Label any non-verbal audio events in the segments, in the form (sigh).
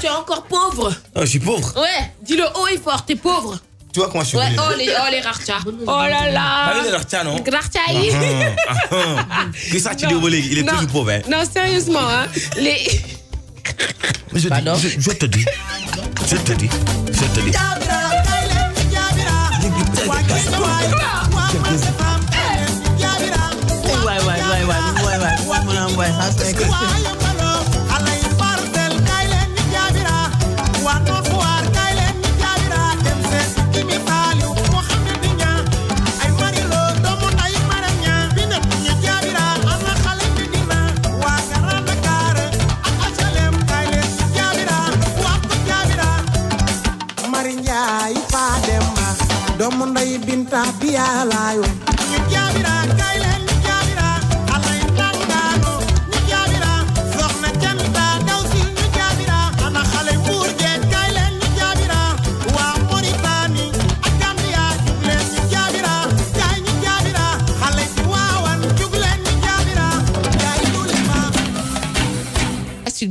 tu es encore pauvre. je suis pauvre. Ouais, dis-le haut et fort, t'es pauvre. Tu vois comment je suis ouais, oh les, Oh là là. les non Que ça, tu il est toujours pauvre. Non, sérieusement, hein. Les. Mais je, te dis. Je te dis. Je te dis. doomu nday Binta bi yaa laayoon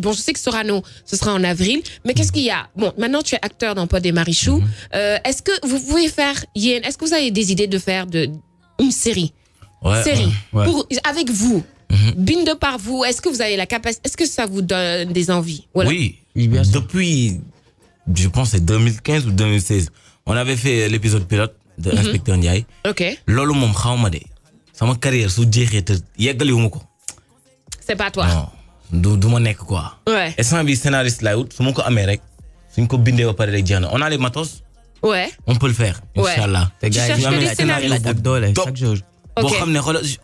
Bon, je sais que Sorano, ce sera en avril, mais qu'est-ce qu'il y a Bon, maintenant tu es acteur dans Pod et Marichou. Mhm. Euh, est-ce que vous pouvez faire, Yen, est-ce que vous avez des idées de faire de, une série ouais, Série. Pour, avec vous, bin mhm. de par vous, est-ce que vous avez la capacité, est-ce que ça vous donne des envies Oui, depuis, je pense, c'est 2015 ou 2016, on avait fait l'épisode pilote de l'inspecteur mhm. Ok. Lolo mom "C'est ma carrière C'est pas toi duma du nekk quoi. ouais sans bi scénariste laay wut su ma ko amee rek suñ ko bindee ba pare rek jeex na on a les matos. ouais on peut le faire. ouais incha te gars yi ñu amee scénario bu doole chaque jour.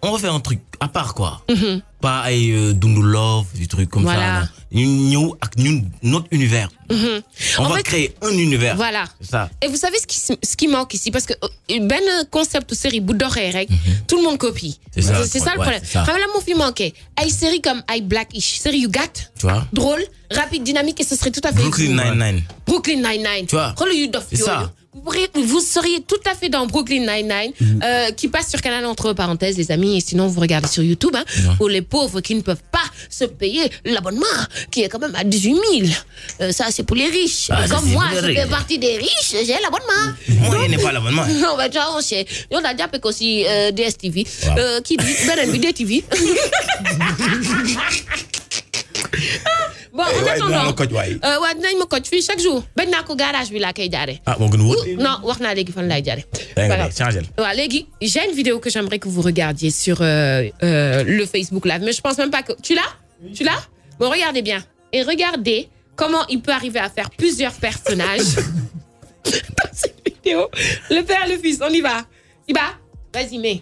On va faire un truc à part quoi. Mhm. pas ay euh, dundu love du truc comme ça. une ñëw notre univers. Mhm. on va créer un univers. voilà ça. et vous savez ce qui ce qui manque ici parce que euh, belle concept série bu et rek. Mhm. tout le monde copie. c'est ça le problème xam la mon film manqué une série comme ay Blackish série You Got, tu vois drôle rapide dynamique et ce serait tout à fait. Brooklyn Nine-Nine. Brooklyn Nine-Nine. tu vois You vous, seriez tout à fait dans Brooklyn Nine-Nine, mm. euh, qui passe sur Canal entre parenthèses, les amis. Et sinon, vous regardez sur YouTube, hein, pour les pauvres qui ne peuvent pas se payer l'abonnement, qui est quand même à 18 000. Euh, ça, c'est pour les riches. Ah, Comme moi, je fais partie des riches, j'ai l'abonnement. Moi, je n'ai pas l'abonnement. Non, (laughs) tu on oh, sait. On a déjà aussi euh, DSTV, qui dit, ben, TV (laughs) bon eh, en attendant waaw euh, dinañ ma coach fii chaque jour bañ naa ko garage bi laa koy jaaree. ah moo gën a wóor mm. non wax naa léegi fan laay jaaree. voilà waaw j'ai une vidéo que j'aimerais que vous regardiez sur euh, euh, le Facebook Live mais je pense même pas que tu l'as tu l'as bon regardez bien et regardez comment il peut arriver à faire plusieurs personnages (laughs) dans cette vidéo le père le fils on y va y va vas-y mais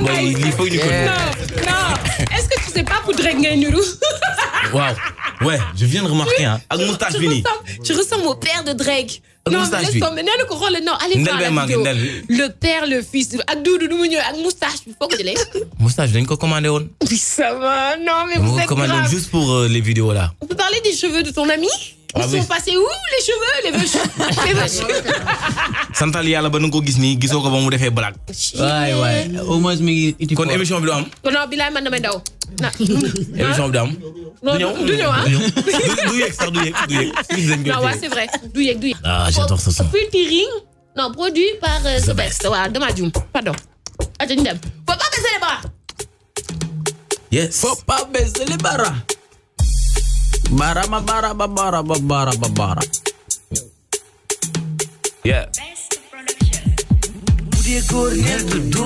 Non. li non est-ce que tu sais pas pour ngay niru. (laughs) Waouh. ouais je viens de remarquer ah hein. Avec moustache bi tu ressembles au père de Drake. non mais nee na le non allez voir la vidéo le père le fils ak Doudou du mu ñëwee ak moustache que je jëlee. moustache dañ ko commandé woon. oui ça va non mais vous êtes grave. commandé juste pour euh, les vidéos là. on peut parler des cheveux de ton ami. Ah, Ils sont passés où les cheveux les cheveux (laughs) les cheveux santal yalla ba nu ko gis nii gisoo ko ba mu defee blague. waay waay au moins mi ngi uti kon (laughs) émission bi du am. non bilaay man damay daw. émission bi du am. du ñëw du ñëw ah. (laughs) du yegg sax du yegg du yegg. non waaw c'est vrai du yegg du yegg. ah j'adore ça. featuring non produit par euh, The Best waaw dama juum pardon. ah jërëjëf. faut pas baisser les bras. yes faut pas baisser les bras. Bara ba bara ba bara ba bara ba bara. Yeah. Bude góor neel tuddu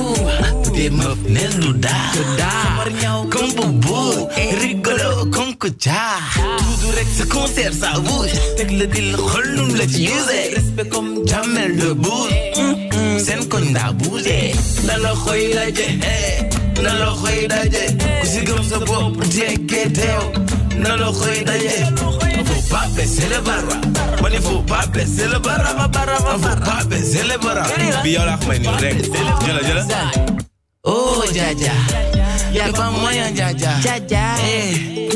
Bude mëf neel nu daa Sabar ñaw comme bu buur Rigolo kong ku caa Tuudu rek sa concert sa bouche Teg la dil xol num la ci Respect comme Jamel le buur Sen ko ndaa buuse Na la xoy daje Na la xoy daje Ku si gëm sa bopp na loxoy daje faut pas baisser les barres ma ne faut pas baisser les barres ma barra ma faut pas baisser bi yow la xamay ni rek jëla jëla oh jaja ya ba moya jaja jaja eh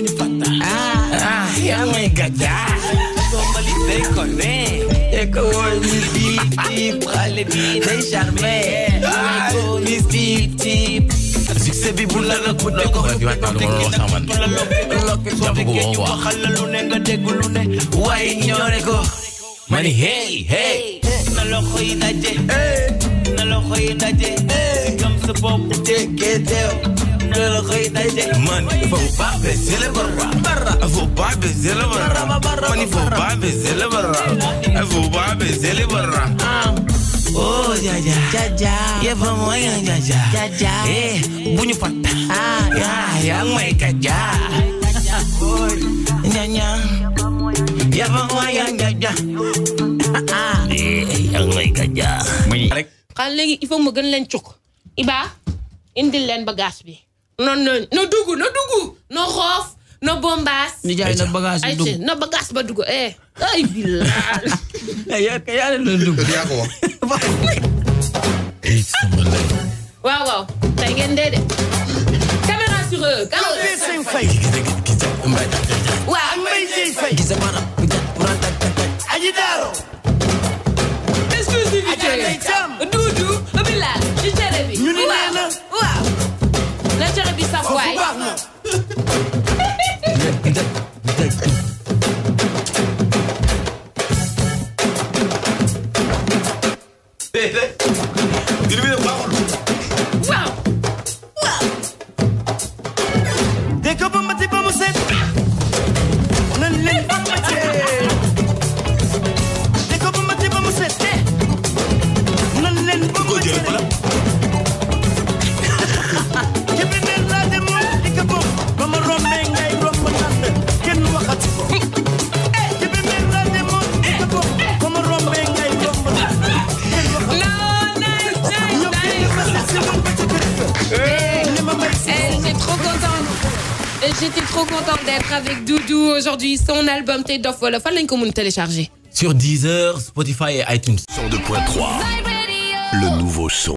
ah ah ya may gaja bombali day koné Eko wol ni bi bi prale bi day charmer Eko ni bi bi sébi bu la la guddi ko di wax naa lu war a wax man jàpp ko wax wax xala lu ne nga dégg lu ne waaye ñoore ko ma ni hey hey na loxo yi daje na loxo yi daje gëm sa bopp tekkee teew ماني فوق باب الزل برا برا فوق باب الزل برا ماني فوق باب الزل برا فوق باب الزل برا Oh jaja Jaja Ya vamos yang jaja Jaja Eh bunyi patah ah, Ya yang main kaja Nyanyi Ya vamos yang jaja ya, ah, ah. Eh yang main kaja Kan léegi il faut ma gën leen cuk Iba indil leen bagage bi non non no dugg no dugg no xoof no bombaas. ni jaay na bagage bi dugg na bagage ba dugg eh. ay billaay. (laughs) Eh, yaa yaa leen doon dugg. yaa ko wax. (laughs) waaw waaw. tey ngeen dee de. caméra sur waaw mbay jëy fay. aji daaro. exclusivité. duudu. bilal ci cere bi. ñu ni nee na. waaw. na cere bi saf J'étais trop contente d'être avec Doudou aujourd'hui. Son album Tate of Wolof, une le télécharger. Sur Deezer, Spotify et iTunes. 2.3, le nouveau son.